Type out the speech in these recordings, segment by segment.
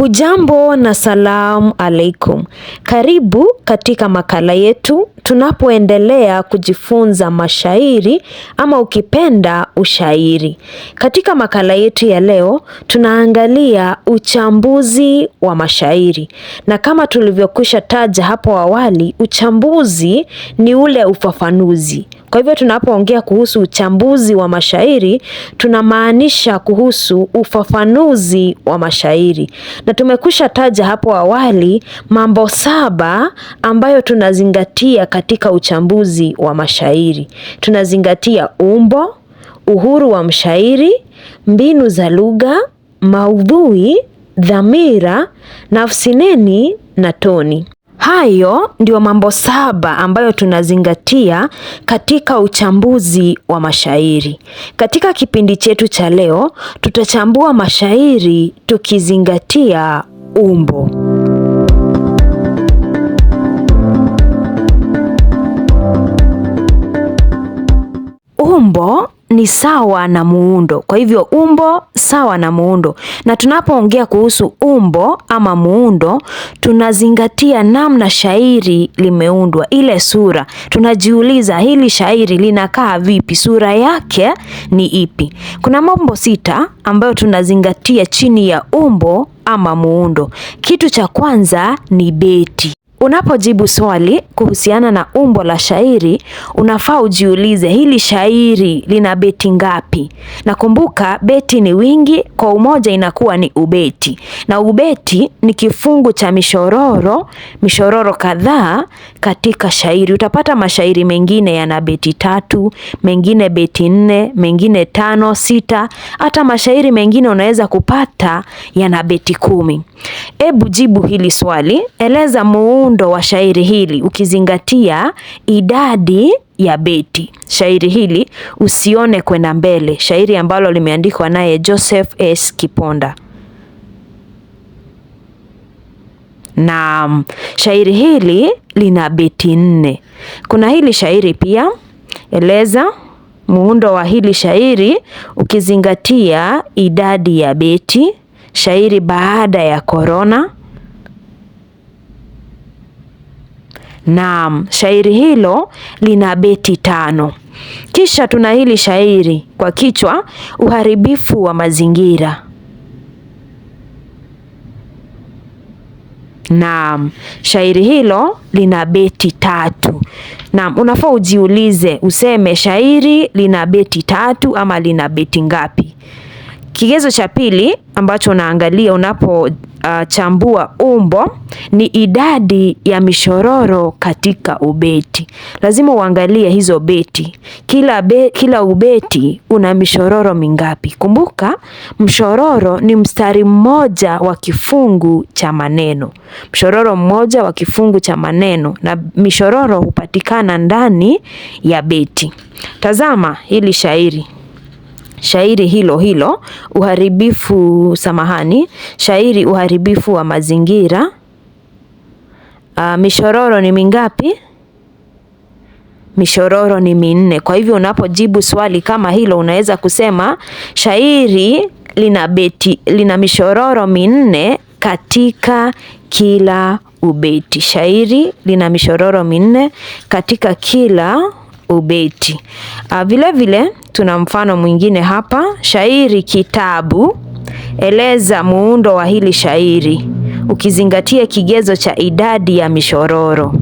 Hujambo na salamu alaikum. Karibu katika makala yetu tunapoendelea kujifunza mashairi ama ukipenda ushairi. Katika makala yetu ya leo tunaangalia uchambuzi wa mashairi. Na kama tulivyokwisha taja hapo awali, uchambuzi ni ule ufafanuzi. Kwa hivyo tunapoongea kuhusu uchambuzi wa mashairi tunamaanisha kuhusu ufafanuzi wa mashairi, na tumekusha taja hapo awali mambo saba ambayo tunazingatia katika uchambuzi wa mashairi. Tunazingatia umbo, uhuru wa mshairi, mbinu za lugha, maudhui, dhamira, nafsineni na toni. Hayo ndio mambo saba ambayo tunazingatia katika uchambuzi wa mashairi. Katika kipindi chetu cha leo, tutachambua mashairi tukizingatia umbo. Umbo ni sawa na muundo. Kwa hivyo umbo sawa na muundo, na tunapoongea kuhusu umbo ama muundo, tunazingatia namna shairi limeundwa, ile sura. Tunajiuliza hili shairi linakaa vipi, sura yake ni ipi? Kuna mambo sita ambayo tunazingatia chini ya umbo ama muundo. Kitu cha kwanza ni beti. Unapojibu swali kuhusiana na umbo la shairi, unafaa ujiulize hili shairi lina beti ngapi? Na kumbuka beti ni wingi, kwa umoja inakuwa ni ubeti, na ubeti ni kifungu cha mishororo, mishororo kadhaa katika shairi. Utapata mashairi mengine yana beti tatu, mengine beti nne, mengine tano, sita, hata mashairi mengine unaweza kupata yana beti kumi. Ebu jibu hili swali, eleza muundo wa shairi hili ukizingatia idadi ya beti. Shairi hili usione kwenda mbele, shairi ambalo limeandikwa naye Joseph S. Kiponda. Naam, shairi hili lina beti nne. Kuna hili shairi pia, eleza muundo wa hili shairi ukizingatia idadi ya beti shairi baada ya korona. Naam, shairi hilo lina beti tano. Kisha tuna hili shairi kwa kichwa uharibifu wa mazingira. Naam, shairi hilo lina beti tatu. Naam, unafaa ujiulize useme shairi lina beti tatu ama lina beti ngapi? Kigezo cha pili ambacho unaangalia unapochambua ah, uh, umbo ni idadi ya mishororo katika ubeti. Lazima uangalie hizo beti. Kila, be, kila ubeti una mishororo mingapi? Kumbuka mshororo ni mstari mmoja wa kifungu cha maneno. Mshororo mmoja wa kifungu cha maneno na mishororo hupatikana ndani ya beti. Tazama hili shairi shairi hilo hilo uharibifu, samahani, shairi uharibifu wa mazingira. Uh, mishororo ni mingapi? Mishororo ni minne. Kwa hivyo unapojibu swali kama hilo, unaweza kusema shairi lina beti, lina mishororo minne katika kila ubeti. Shairi lina mishororo minne katika kila ubeti. Vilevile ah, vile, tuna mfano mwingine hapa, shairi kitabu. Eleza muundo wa hili shairi ukizingatia kigezo cha idadi ya mishororo.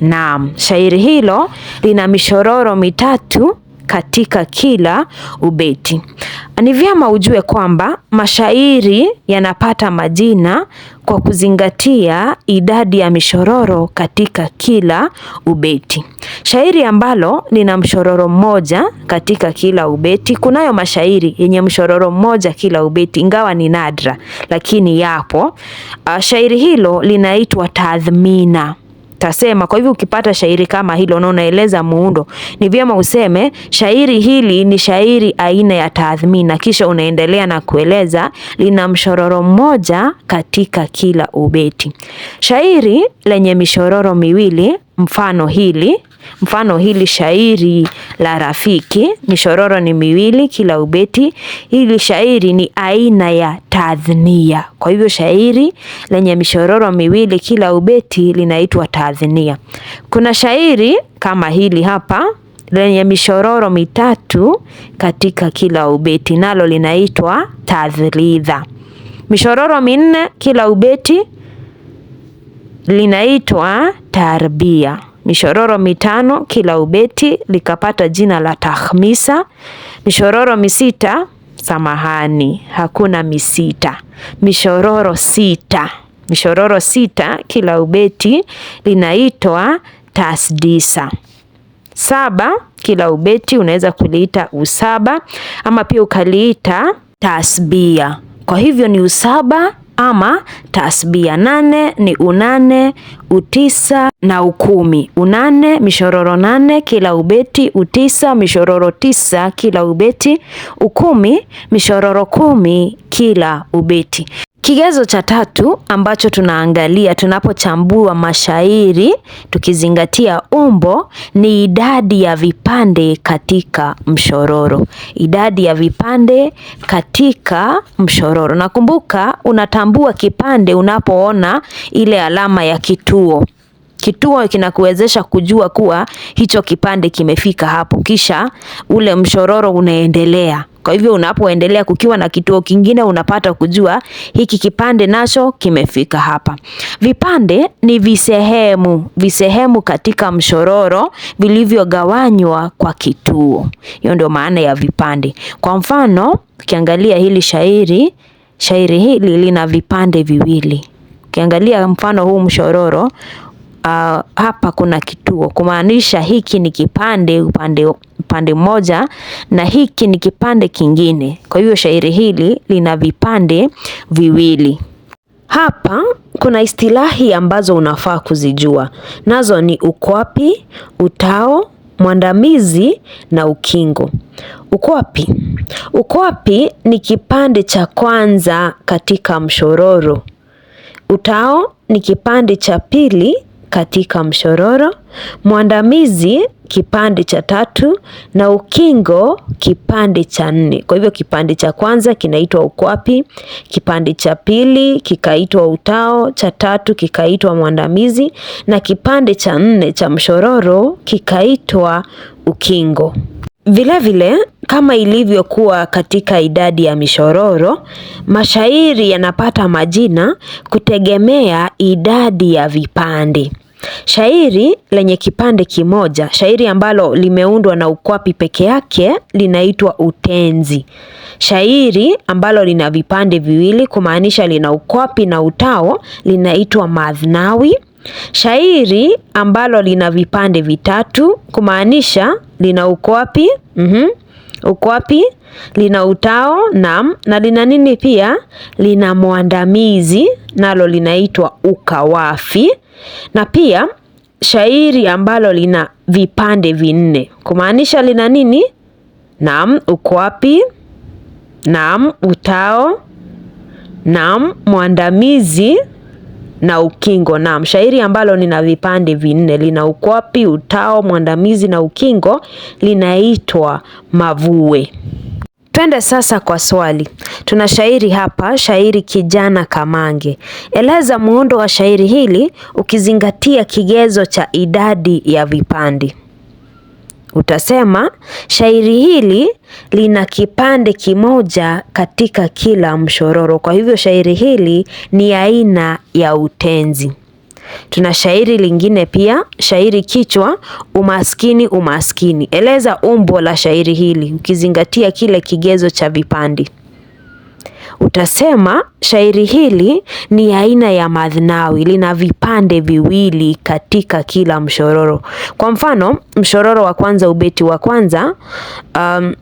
Naam, shairi hilo lina mishororo mitatu katika kila ubeti. Ni vyema ujue kwamba mashairi yanapata majina kwa kuzingatia idadi ya mishororo katika kila ubeti. Shairi ambalo lina mshororo mmoja katika kila ubeti, kunayo mashairi yenye mshororo mmoja kila ubeti, ingawa ni nadra, lakini yapo. Ah, shairi hilo linaitwa tadhmina tasema. Kwa hivyo ukipata shairi kama hilo na unaeleza muundo, ni vyema useme shairi hili ni shairi aina ya tathmina, kisha unaendelea na kueleza lina mshororo mmoja katika kila ubeti. Shairi lenye mishororo miwili mfano hili Mfano hili shairi la rafiki, mishororo ni miwili kila ubeti. Hili shairi ni aina ya tadhnia. Kwa hivyo shairi lenye mishororo miwili kila ubeti linaitwa tadhnia Kuna shairi kama hili hapa lenye mishororo mitatu katika kila ubeti, nalo linaitwa tadhlidha Mishororo minne kila ubeti linaitwa tarbia mishororo mitano kila ubeti likapata jina la Takhmisa. Mishororo misita, samahani, hakuna misita, mishororo sita, mishororo sita kila ubeti linaitwa Tasdisa. Saba kila ubeti unaweza kuliita usaba ama pia ukaliita tasbia. Kwa hivyo ni usaba ama tasbia. Nane ni unane, utisa na ukumi. Unane mishororo nane kila ubeti, utisa mishororo tisa kila ubeti, ukumi mishororo kumi kila ubeti. Kigezo cha tatu ambacho tunaangalia tunapochambua mashairi tukizingatia umbo ni idadi ya vipande katika mshororo. Idadi ya vipande katika mshororo. Nakumbuka unatambua kipande unapoona ile alama ya kituo. Kituo kinakuwezesha kujua kuwa hicho kipande kimefika hapo, kisha ule mshororo unaendelea. Kwa hivyo unapoendelea kukiwa na kituo kingine unapata kujua hiki kipande nacho kimefika hapa. Vipande ni visehemu, visehemu katika mshororo vilivyogawanywa kwa kituo. Hiyo ndio maana ya vipande. Kwa mfano, ukiangalia hili shairi, shairi hili lina vipande viwili. Ukiangalia mfano huu mshororo, uh, hapa kuna kituo kumaanisha hiki ni kipande upande kipande moja na hiki ni kipande kingine. Kwa hiyo shairi hili lina vipande viwili. Hapa kuna istilahi ambazo unafaa kuzijua, nazo ni ukwapi, utao, mwandamizi na ukingo. Ukwapi, ukwapi ni kipande cha kwanza katika mshororo. Utao ni kipande cha pili katika mshororo, mwandamizi kipande cha tatu na ukingo kipande cha nne. Kwa hivyo kipande cha kwanza kinaitwa ukwapi, kipande cha pili kikaitwa utao, cha tatu kikaitwa mwandamizi na kipande cha nne cha mshororo kikaitwa ukingo. Vilevile kama ilivyokuwa katika idadi ya mishororo, mashairi yanapata majina kutegemea idadi ya vipande. Shairi lenye kipande kimoja, shairi ambalo limeundwa na ukwapi peke yake linaitwa utenzi. Shairi ambalo lina vipande viwili kumaanisha lina ukwapi na utao linaitwa madhnawi Shairi ambalo lina vipande vitatu kumaanisha lina ukwapi, mm -hmm, ukwapi, lina utao nam, na lina nini pia, lina mwandamizi nalo linaitwa ukawafi, na pia shairi ambalo lina vipande vinne kumaanisha lina nini, nam, ukwapi, nam, utao, nam, mwandamizi na ukingo. Naam, shairi ambalo nina vipande vinne, lina ukwapi, utao, mwandamizi na ukingo, linaitwa Mavue. Twende sasa kwa swali. Tuna shairi hapa, shairi Kijana Kamange. Eleza muundo wa shairi hili ukizingatia kigezo cha idadi ya vipande utasema shairi hili lina kipande kimoja katika kila mshororo. Kwa hivyo shairi hili ni aina ya utenzi. Tuna shairi lingine pia, shairi kichwa umaskini umaskini. Eleza umbo la shairi hili ukizingatia kile kigezo cha vipande utasema shairi hili ni aina ya madhnawi, lina vipande viwili katika kila mshororo. Kwa mfano mshororo wa kwanza, ubeti wa kwanza um,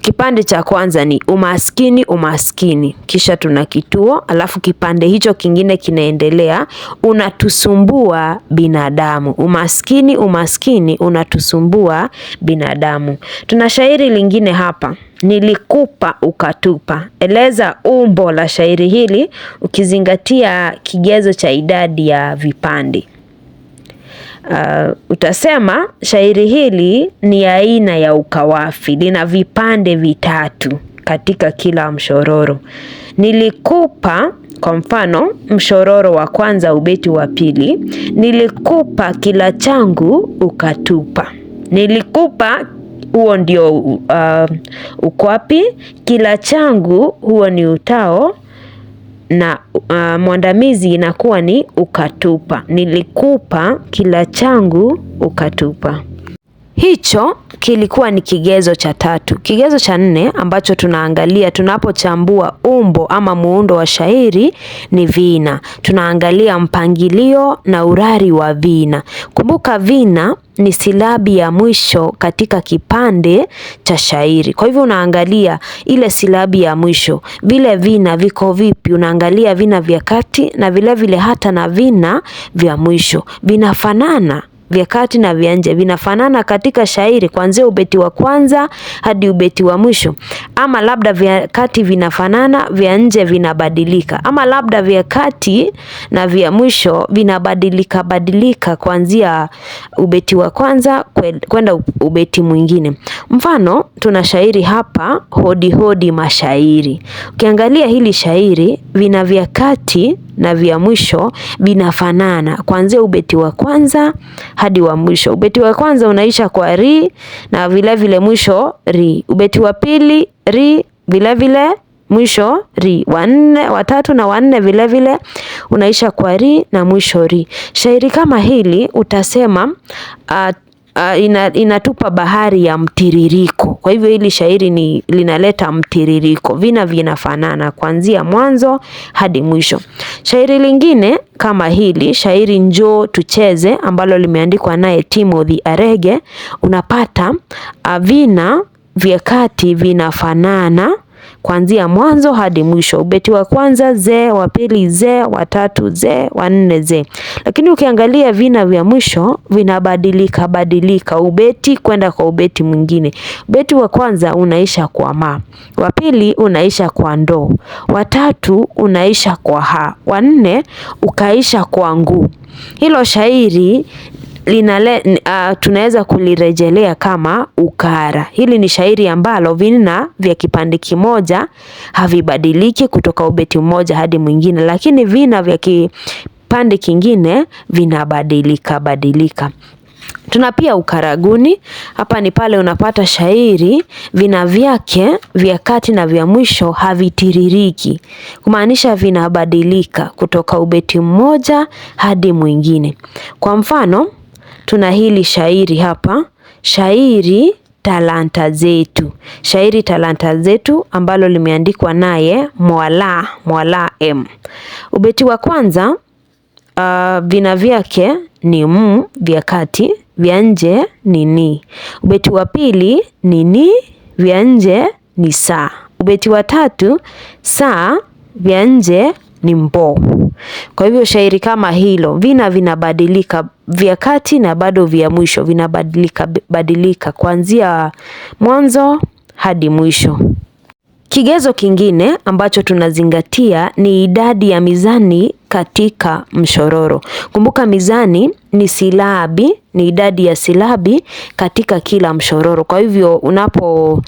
Kipande cha kwanza ni umaskini, umaskini, kisha tuna kituo, alafu kipande hicho kingine kinaendelea, unatusumbua binadamu. Umaskini, umaskini, unatusumbua binadamu. Tuna shairi lingine hapa, nilikupa ukatupa. Eleza umbo la shairi hili ukizingatia kigezo cha idadi ya vipande. Uh, utasema shairi hili ni aina ya ukawafi, lina vipande vitatu katika kila mshororo. Nilikupa kwa mfano mshororo wa kwanza, ubeti wa pili, nilikupa kila changu ukatupa. Nilikupa huo ndio uh, ukwapi. Kila changu huo ni utao na uh, mwandamizi inakuwa ni ukatupa. Nilikupa kila changu ukatupa. Hicho kilikuwa ni kigezo cha tatu. Kigezo cha nne ambacho tunaangalia tunapochambua umbo ama muundo wa shairi ni vina. Tunaangalia mpangilio na urari wa vina. Kumbuka vina ni silabi ya mwisho katika kipande cha shairi. Kwa hivyo unaangalia ile silabi ya mwisho, vile vina viko vipi? Unaangalia vina vya kati na vilevile vile hata na vina vya mwisho vinafanana vya kati na vya nje vinafanana katika shairi kuanzia ubeti wa kwanza hadi ubeti wa mwisho, ama labda vya kati vinafanana, vya nje vinabadilika, ama labda vya kati na vya mwisho vinabadilika badilika kuanzia ubeti wa kwanza kwenda ubeti mwingine. Mfano, tuna shairi hapa, hodi hodi mashairi. Ukiangalia hili shairi vina vya kati na vya mwisho vinafanana kuanzia ubeti wa kwanza hadi wa mwisho. Ubeti wa kwanza unaisha kwa ri na vilevile vile mwisho ri. Ubeti wa pili ri, vilevile vile mwisho ri. Wa nne, wa tatu na wa nne vilevile unaisha kwa ri na mwisho ri. Shairi kama hili utasema uh, uh, ina, inatupa bahari ya mtiririko. Kwa hivyo hili shairi ni linaleta mtiririko, vina vinafanana kuanzia mwanzo hadi mwisho. Shairi lingine kama hili shairi Njoo Tucheze ambalo limeandikwa naye Timothy Arege, unapata uh, vina vya kati vinafanana kuanzia mwanzo hadi mwisho. Ubeti wa kwanza ze, wa pili ze, wa tatu ze, wa nne ze. Lakini ukiangalia vina vya mwisho vinabadilika badilika ubeti kwenda kwa ubeti mwingine. Ubeti wa kwanza unaisha kwa ma, wa pili unaisha kwa ndo, wa tatu unaisha kwa ha, wa nne ukaisha kwa ngu. Hilo shairi linale, uh, tunaweza kulirejelea kama ukara. Hili ni shairi ambalo vina vya kipande kimoja havibadiliki kutoka ubeti mmoja hadi mwingine, lakini vina vya kipande kingine vinabadilika badilika. Tuna pia ukaraguni. Hapa ni pale unapata shairi vina vyake vya kati na vya mwisho havitiririki, kumaanisha vinabadilika kutoka ubeti mmoja hadi mwingine. Kwa mfano tuna hili shairi hapa, shairi talanta zetu, shairi talanta zetu ambalo limeandikwa naye Mwalaa Mwala M. Ubeti wa kwanza uh, vina vyake ni m, vya kati vya nje ni ni. Ubeti wa pili ni ni, vya nje ni saa. Ubeti wa tatu saa, vya nje ni mbo. Kwa hivyo shairi kama hilo vina vinabadilika vya kati na bado vya mwisho vinabadilika badilika kuanzia mwanzo hadi mwisho. Kigezo kingine ambacho tunazingatia ni idadi ya mizani katika mshororo. Kumbuka mizani ni silabi, ni idadi ya silabi katika kila mshororo. Kwa hivyo unapo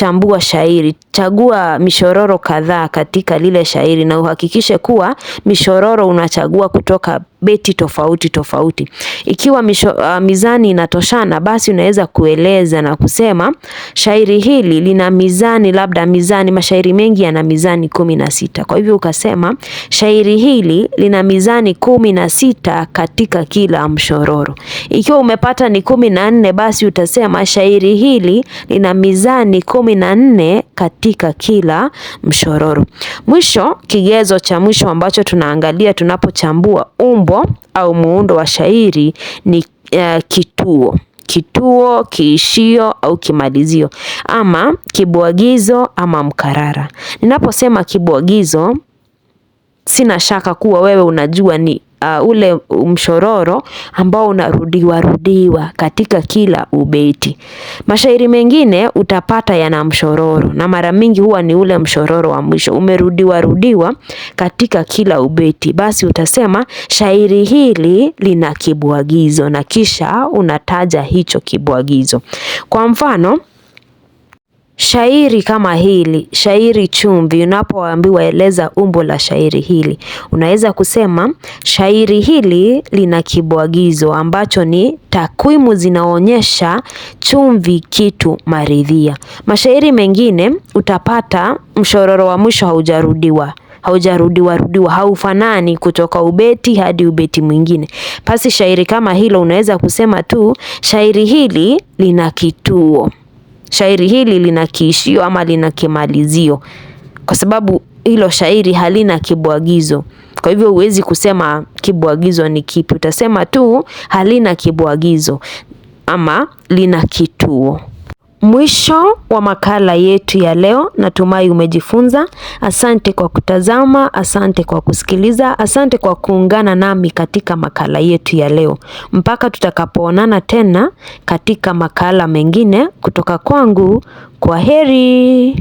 Chambua shairi. Chagua mishororo kadhaa katika lile shairi na uhakikishe kuwa mishororo unachagua kutoka beti tofauti tofauti. Ikiwa misho, uh, mizani inatoshana basi unaweza kueleza na kusema shairi hili lina mizani labda mizani, mashairi mengi yana mizani kumi na sita. Kwa hivyo ukasema shairi hili lina mizani kumi na sita katika kila mshororo. Ikiwa umepata ni kumi na nne basi utasema shairi hili lina mizani kumi kumi na nne katika kila mshororo. Mwisho, kigezo cha mwisho ambacho tunaangalia tunapochambua umbo au muundo wa shairi ni uh, kituo kituo kiishio au kimalizio ama kibwagizo ama mkarara. Ninaposema kibwagizo, sina shaka kuwa wewe unajua ni uh, ule mshororo ambao unarudiwa rudiwa katika kila ubeti. Mashairi mengine utapata yana mshororo na mara mingi huwa ni ule mshororo wa mwisho umerudiwa rudiwa katika kila ubeti, basi utasema shairi hili lina kibwagizo na kisha unataja hicho kibwagizo. Kwa mfano Shairi kama hili, shairi chumvi, unapoambiwa eleza umbo la shairi hili, unaweza kusema shairi hili lina kibwagizo ambacho ni takwimu zinaonyesha chumvi kitu maridhia. Mashairi mengine utapata mshororo wa mwisho haujarudiwa haujarudiwa rudiwa, haufanani kutoka ubeti hadi ubeti mwingine. Basi shairi kama hilo unaweza kusema tu shairi hili lina kituo shairi hili lina kiishio ama lina kimalizio, kwa sababu hilo shairi halina kibwagizo. Kwa hivyo huwezi kusema kibwagizo ni kipi, utasema tu halina kibwagizo ama lina kituo. Mwisho wa makala yetu ya leo, natumai umejifunza. Asante kwa kutazama, asante kwa kusikiliza, asante kwa kuungana nami katika makala yetu ya leo. Mpaka tutakapoonana tena katika makala mengine kutoka kwangu, kwa heri.